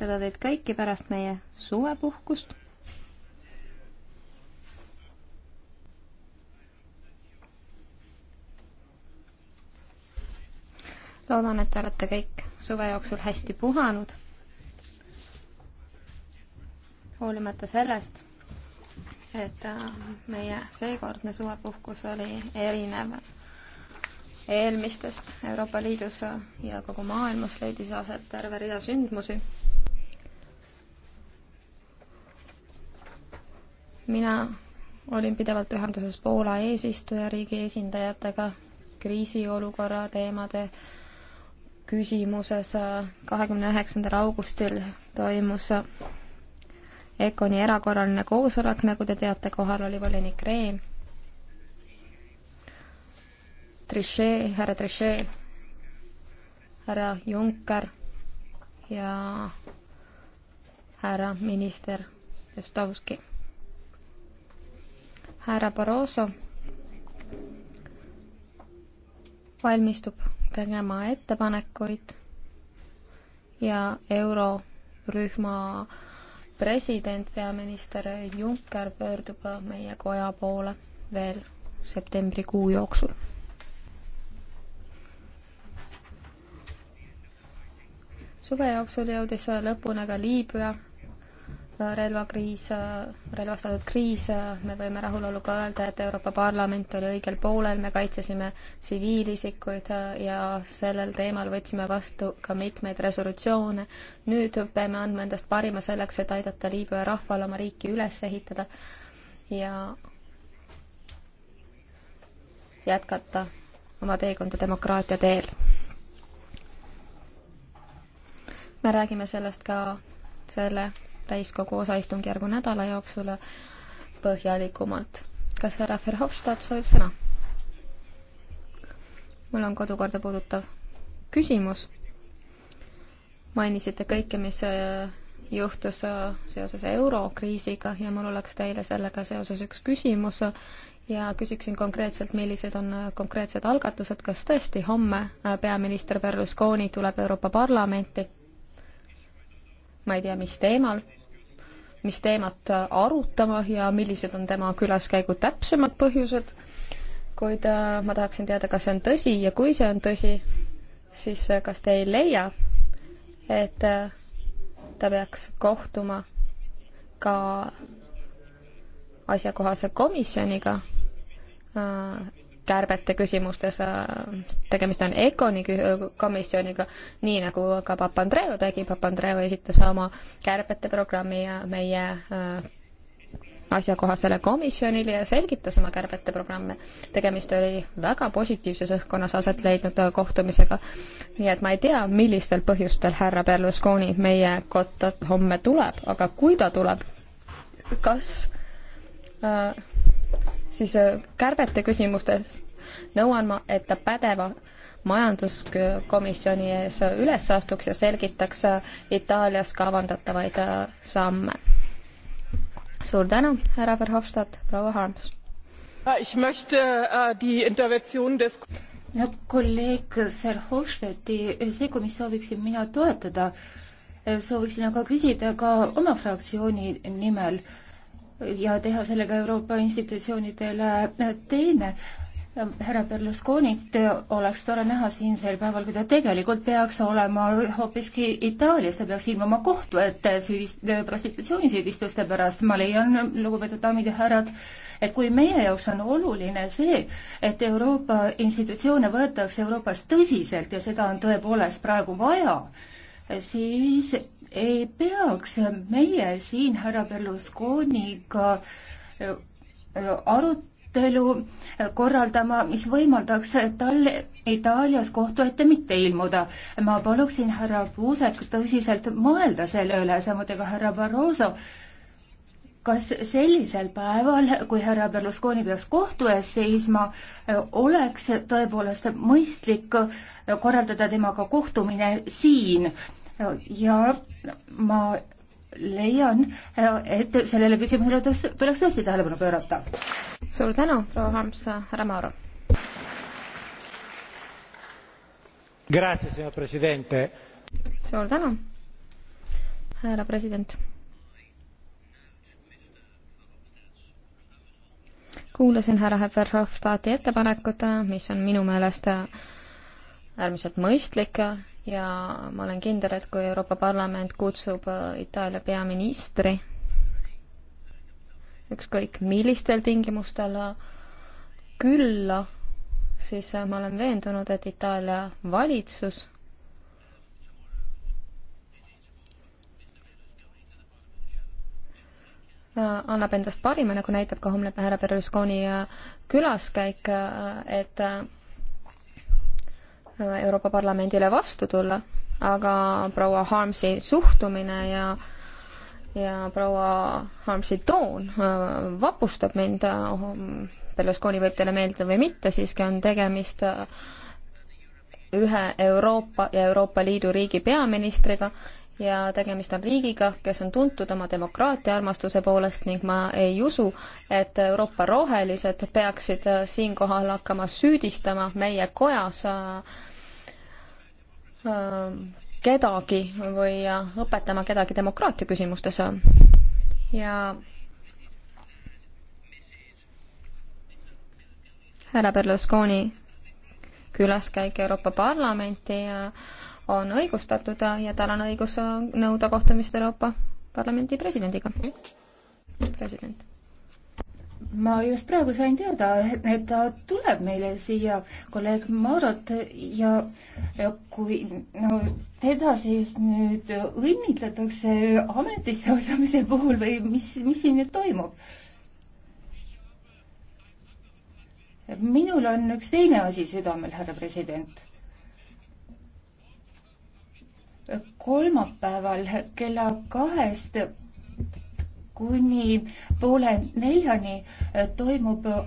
tervitada teid kõiki pärast meie suvepuhkust. loodan, et te olete kõik suve jooksul hästi puhanud. hoolimata sellest, et äh, meie seekordne suvepuhkus oli erinev eelmistest Euroopa Liidus ja kogu maailmas leidis aset terve rida sündmusi mina olin pidevalt ühenduses Poola eesistujariigi esindajatega kriisiolukorra teemade küsimuses. kahekümne üheksandal augustil toimus EKONi erakorraline koosolek, nagu te teate, kohal oli volinik Reem, Trichet, härra Trichet, härra Juncker ja härra minister Justovski härra Barroso valmistub tegema ettepanekuid ja eurorühma president, peaminister Juncker pöördub meie koja poole veel septembrikuu jooksul. suve jooksul jõudis lõpuni ka Liibüa relvakriis, relvastatud kriis, me võime rahuloluga öelda, et Euroopa Parlament oli õigel poolel, me kaitsesime tsiviilisikuid ja sellel teemal võtsime vastu ka mitmeid resolutsioone. nüüd peame andma endast parima selleks, et aidata Liibüa rahval oma riiki üles ehitada ja jätkata oma teekonda demokraatia teel. me räägime sellest ka selle täiskogu osaistungjärgu nädala jooksul põhjalikumalt. kas härra Verhofstadt soovib sõna? mul on kodukorda puudutav küsimus. mainisite kõike, mis äh, juhtus äh, seoses eurokriisiga ja mul oleks teile sellega seoses üks küsimus ja küsiksin konkreetselt, millised on äh, konkreetsed algatused, kas tõesti homme peaminister Berlusconi tuleb Euroopa Parlamenti? ma ei tea, mis teemal mis teemat arutama ja millised on tema külaskäigu täpsemad põhjused, kuid äh, ma tahaksin teada, kas see on tõsi ja kui see on tõsi, siis äh, kas te ei leia, et äh, ta peaks kohtuma ka asjakohase komisjoniga kärbete küsimustes, äh, tegemist on ECONi komisjoniga, nii nagu ka Papandreou tegi, Papandreou esitas oma kärbete programmi ja meie äh, asjakohasele komisjonile ja selgitas oma kärbete programme. tegemist oli väga positiivses õhkkonnas aset leidnud äh, kohtumisega. nii et ma ei tea, millistel põhjustel härra Berlusconi meie kotta homme tuleb, aga kui ta tuleb, kas äh, siis äh, kärbete küsimustes nõuan ma, et ta pädeva majanduskomisjoni ees üles astuks ja selgitaks äh, Itaalias kavandatavaid äh, samme. suur tänu, härra Verhofstadt, proua Harms. head kolleeg Verhofstadti sekkumist sooviksin mina toetada. sooviksin aga küsida ka oma fraktsiooni nimel ja teha sellega Euroopa institutsioonidele teene. härra Berlusconit oleks tore näha siinsel päeval, kui ta tegelikult peaks olema hoopiski Itaalias, ta peaks ilmuma kohtu ette süüdist-, prostitutsioonisüüdistuste pärast. ma leian, lugupeetud daamid ja härrad, et kui meie jaoks on oluline see, et Euroopa institutsioone võetakse Euroopas tõsiselt ja seda on tõepoolest praegu vaja, siis ei peaks meie siin härra Berlusconiga äh, äh, arutelu korraldama, mis võimaldaks tal Itaalias kohtu ette mitte ilmuda. ma paluksin härra Puusek tõsiselt mõelda selle üle, samuti ka härra Barroso. kas sellisel päeval, kui härra Berlusconi peaks kohtu ees seisma, oleks tõepoolest mõistlik korraldada temaga kohtumine siin ja ma leian, et sellele küsimusele tuleks tõesti tähelepanu pöörata. suur tänu, proua Harms, härra Mauro. suur tänu, härra president. kuulasin härra Hefferhofstadti ettepanekut, mis on minu meelest äärmiselt mõistlik ja ma olen kindel, et kui Euroopa Parlament kutsub äh, Itaalia peaministri ükskõik millistel tingimustel äh, külla, siis äh, ma olen veendunud, et Itaalia valitsus annab endast parima, nagu näitab ka homne härra Berlusconi külaskäik, et Euroopa Parlamendile vastu tulla, aga proua Harmsi suhtumine ja ja proua Harmsi toon äh, vapustab mind, äh, Berlusconi võib teile meeldida või mitte, siiski on tegemist äh, ühe Euroopa ja Euroopa Liidu riigi peaministriga ja tegemist on riigiga, kes on tuntud oma demokraatiaarmastuse poolest ning ma ei usu, et Euroopa rohelised peaksid siinkohal hakkama süüdistama meie kojas äh, kedagi või õpetama kedagi demokraatia küsimustes. ja härra Berlusconi külaskäik Euroopa Parlamenti on õigustatud ja tal on õigus nõuda kohtumist Euroopa Parlamendi presidendiga. president ma just praegu sain teada, et ta tuleb meile siia, kolleeg Marot, ja, ja kui no teda siis nüüd õnnitletakse ametisse osamise puhul või mis, mis siin nüüd toimub? minul on üks teine asi südamel, härra president kolmapäeval kella kahest kuni poole neljani äh, toimub äh,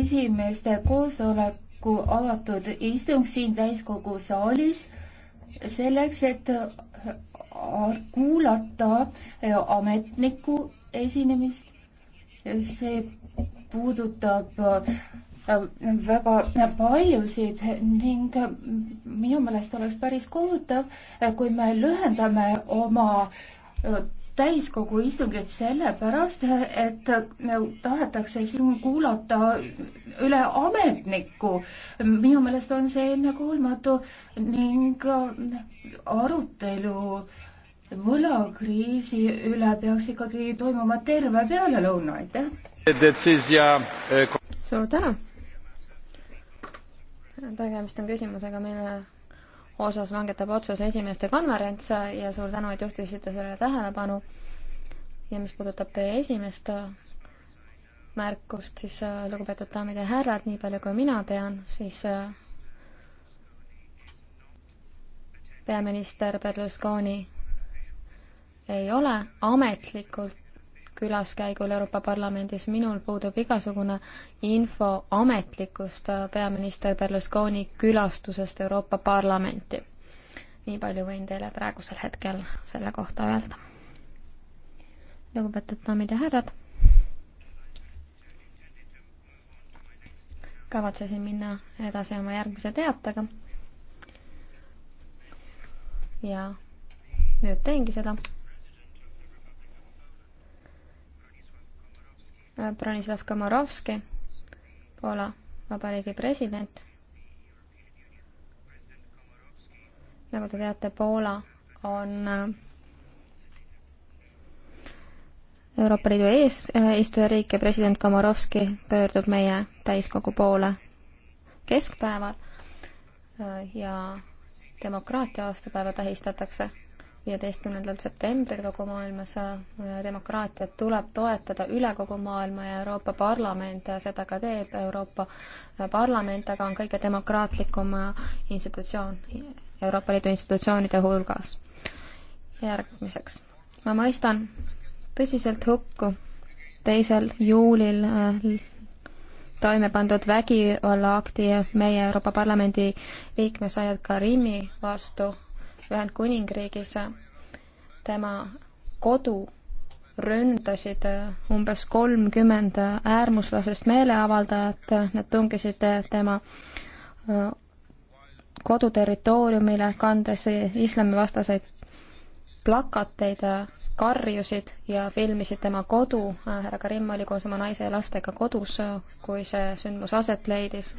esimeste koosoleku avatud istung siin täiskogu saalis selleks, et äh, kuulata ametniku esinemist. see puudutab väga paljusid ning minu meelest oleks päris kohutav, kui me lühendame oma täiskogu istungit sellepärast, et tahetakse siin kuulata üle ametniku. minu meelest on see ennekuulmatu ning arutelu võlakriisi üle peaks ikkagi toimuma terve pealelõuna, aitäh. Eh, suur tänu. tegemist on küsimusega, mille osas langetab otsuse esimeeste konverents ja suur tänu, et juhtisite sellele tähelepanu. ja mis puudutab teie esimest märkust, siis äh, lugupeetud daamid ja härrad, nii palju kui mina tean, siis äh, peaminister Berlusconi ei ole ametlikult külaskäigul Euroopa Parlamendis, minul puudub igasugune info ametlikust äh, peaminister Berlusconi külastusest Euroopa Parlamenti. nii palju võin teile praegusel hetkel selle kohta öelda. lugupeetud daamid ja härrad, kavatsesin minna edasi oma järgmise teatega ja nüüd teengi seda Branislav Komorovski, Poola Vabariigi president. nagu te teate, Poola on äh, Euroopa Liidu eesistujariik äh, ja president Komorovski pöördub meie täiskogu poole keskpäeval äh, ja demokraatia aastapäeva tähistatakse viieteistkümnendal septembril kogu maailmas. Äh, demokraatiat tuleb toetada üle kogu maailma ja Euroopa Parlament äh, seda ka teeb. Euroopa äh, Parlament aga on kõige demokraatlikum institutsioon Euroopa Liidu institutsioonide hulgas. järgmiseks, ma mõistan tõsiselt hukku teisel juulil toime pandud vägivallaakti meie Euroopa Parlamendi liikme Sayed Karimi vastu Ühendkuningriigis tema kodu ründasid äh, umbes kolmkümmend äh, äärmuslasest meeleavaldajat, need tungisid äh, tema koduterritooriumile, kandes islamivastaseid plakateid, karjusid ja filmisid tema kodu, härra Karim oli koos oma naise ja lastega kodus, kui see sündmus aset leidis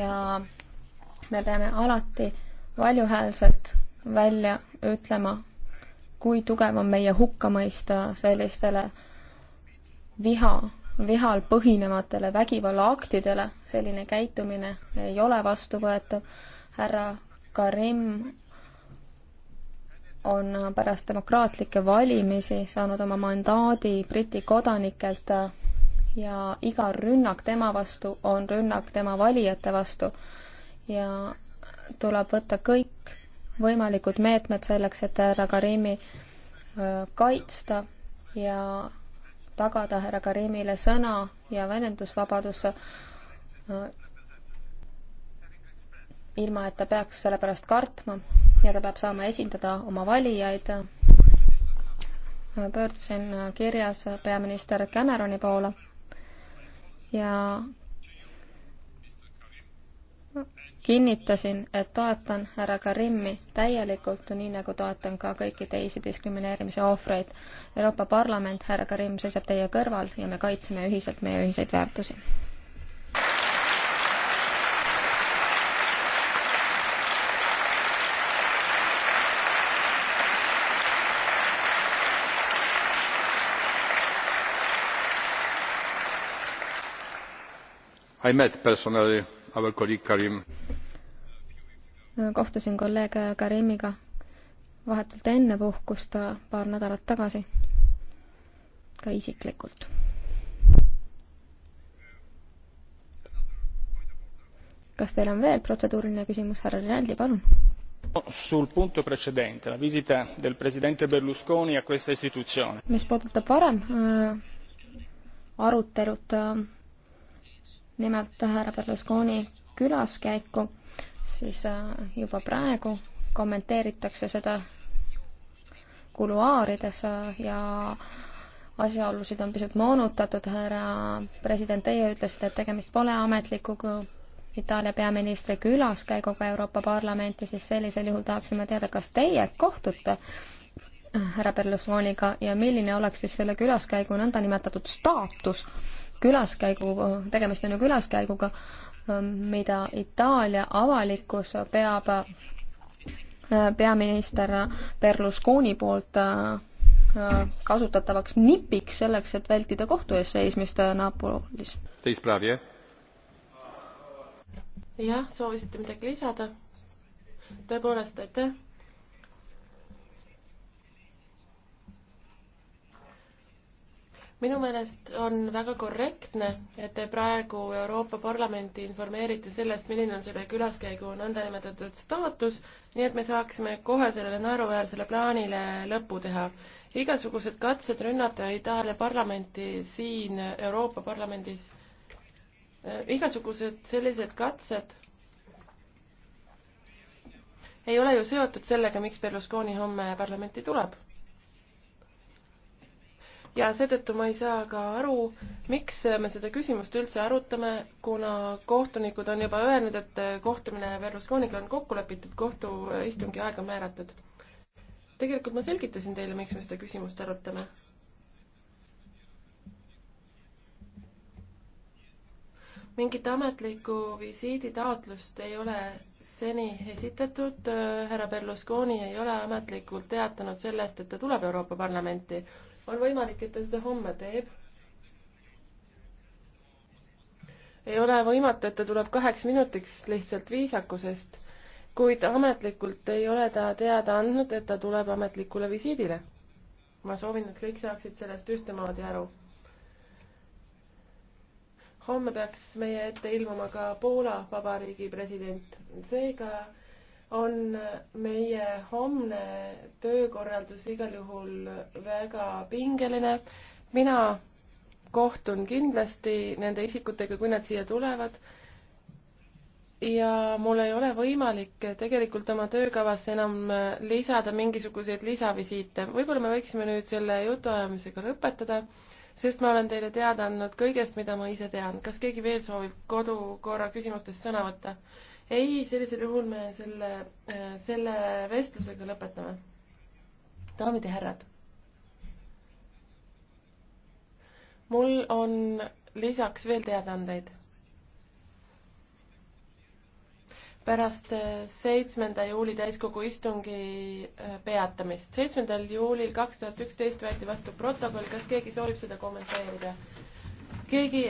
ja me peame alati valjuhäälselt välja ütlema, kui tugev on meie hukkamõista sellistele viha, vihal põhinevatele vägivallaaktidele. selline käitumine ei ole vastuvõetav. härra Karim on pärast demokraatlikke valimisi saanud oma mandaadi Briti kodanikelt ja iga rünnak tema vastu on rünnak tema valijate vastu ja tuleb võtta kõik võimalikud meetmed selleks, et härra Karimi äh, kaitsta ja tagada härra Karimile sõna ja väljendusvabadus äh, ilma, et ta peaks selle pärast kartma ja ta peab saama esindada oma valijaid. pöördusin kirjas peaminister Cameroni poole ja kinnitasin, et toetan härra Karimi täielikult, nii nagu toetan ka kõiki teisi diskrimineerimise ohvreid. Euroopa Parlament, härra Karim, seisab teie kõrval ja me kaitseme ühiselt meie ühiseid väärtusi. I met personally our colleague Karim kohtusin kolleeg Karimiga vahetult enne puhkust paar nädalat tagasi, ka isiklikult. kas teil on veel protseduuriline küsimus, härra Rinaldi, palun? sul punto precedente, la visita del presidente Berlusconi a questa istituzione. mis puudutab varem äh, arutelud äh, nimelt härra Berlusconi külaskäiku äh,, siis äh, juba praegu kommenteeritakse seda kuluaarides äh, ja asjaolusid on pisut moonutatud, härra president, teie ütlesite, et tegemist pole ametliku Itaalia peaministri külaskäiguga Euroopa Parlamenti, siis sellisel juhul tahaksime teada, kas teie kohtute härra Berlusconiga ja milline oleks siis selle külaskäigu nõndanimetatud staatus, külaskäigu, tegemist on ju külaskäiguga, mida Itaalia avalikkus peab äh, peaminister Berlusconi poolt äh, kasutatavaks nipiks selleks, et vältida kohtu ees seismist äh, Napolis. jah, soovisite midagi lisada? tõepoolest, aitäh minu meelest on väga korrektne, et te praegu Euroopa Parlamenti informeerite sellest, milline on selle külaskäigu nõndanimetatud staatus, nii et me saaksime kohe sellele naeruväärsele plaanile lõpu teha. igasugused katsed rünnata Itaalia parlamenti siin Euroopa Parlamendis, eh, igasugused sellised katsed ei ole ju seotud sellega, miks Berlusconi homme parlamenti tuleb ja seetõttu ma ei saa ka aru, miks me seda küsimust üldse arutame, kuna kohtunikud on juba öelnud, et kohtumine Berlusconiga on kokku lepitud, kohtuistungi aeg on määratud. tegelikult ma selgitasin teile, miks me seda küsimust arutame. mingit ametlikku visiiditaotlust ei ole seni esitatud, härra Berlusconi ei ole ametlikult teatanud sellest, et ta tuleb Euroopa Parlamenti on võimalik, et ta seda homme teeb. ei ole võimatu, et ta tuleb kaheks minutiks lihtsalt viisakusest, kuid ametlikult ei ole ta teada andnud, et ta tuleb ametlikule visiidile. ma soovin, et kõik saaksid sellest ühtemoodi aru. homme peaks meie ette ilmuma ka Poola Vabariigi president, seega on meie homne töökorraldus igal juhul väga pingeline. mina kohtun kindlasti nende isikutega, kui nad siia tulevad. ja mul ei ole võimalik tegelikult oma töökavasse enam lisada mingisuguseid lisavisiite. võib-olla me võiksime nüüd selle jutuajamisega lõpetada sest ma olen teile teada andnud kõigest, mida ma ise tean. kas keegi veel soovib kodukorra küsimustest sõna võtta? ei, sellisel juhul me selle, äh, selle vestlusega lõpetame. daamid ja härrad. mul on lisaks veel teadaandeid pärast äh, seitsmenda juuli täiskogu istungi äh, peatamist. seitsmendal juulil kaks tuhat üksteist võeti vastu protokoll, kas keegi soovib seda kommenteerida? keegi